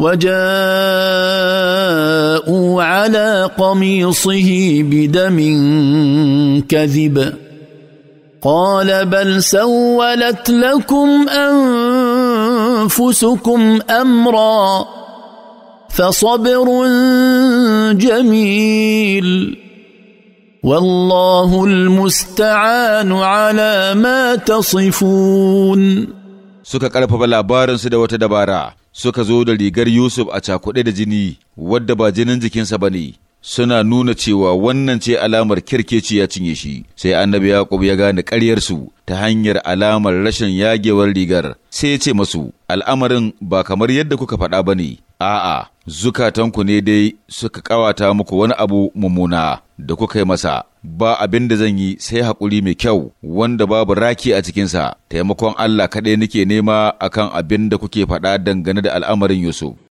وجاءوا على قميصه بدم كذب قال بل سولت لكم انفسكم امرا فصبر جميل والله المستعان على ما تصفون suka ƙarfafa labarinsu da wata dabara suka zo da rigar Yusuf a cakuɗe da jini wadda ba jinin jikinsa ba ne, suna nuna cewa wannan ce alamar kirkeci ya cinye shi, sai annabi Yaƙub ya gane ƙaryarsu ta hanyar alamar rashin yagewar rigar, sai ya ce masu, al'amarin ba kamar yadda kuka faɗa ba ne, a'a, zukatanku ne dai suka ƙawata muku wani abu mummuna da kuka yi masa. ba abin da zan yi sai haƙuri mai kyau wanda babu raki a cikinsa, taimakon Allah kaɗai nake nema akan abin da kuke faɗa dangane da al'amarin Yusuf.